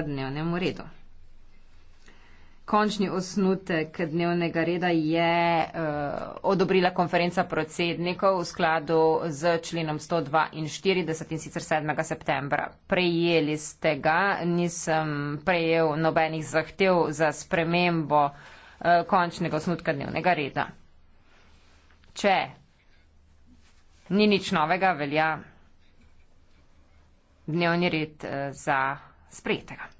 dnevnemu redu. Končni osnutek dnevnega reda je uh, odobrila konferenca predsednikov v skladu z členom 142 in sicer 7. septembra. Prejeli ste ga, nisem prejel nobenih zahtev za spremembo uh, končnega osnutka dnevnega reda. Če ni nič novega, velja dnevni red uh, za sprejetega.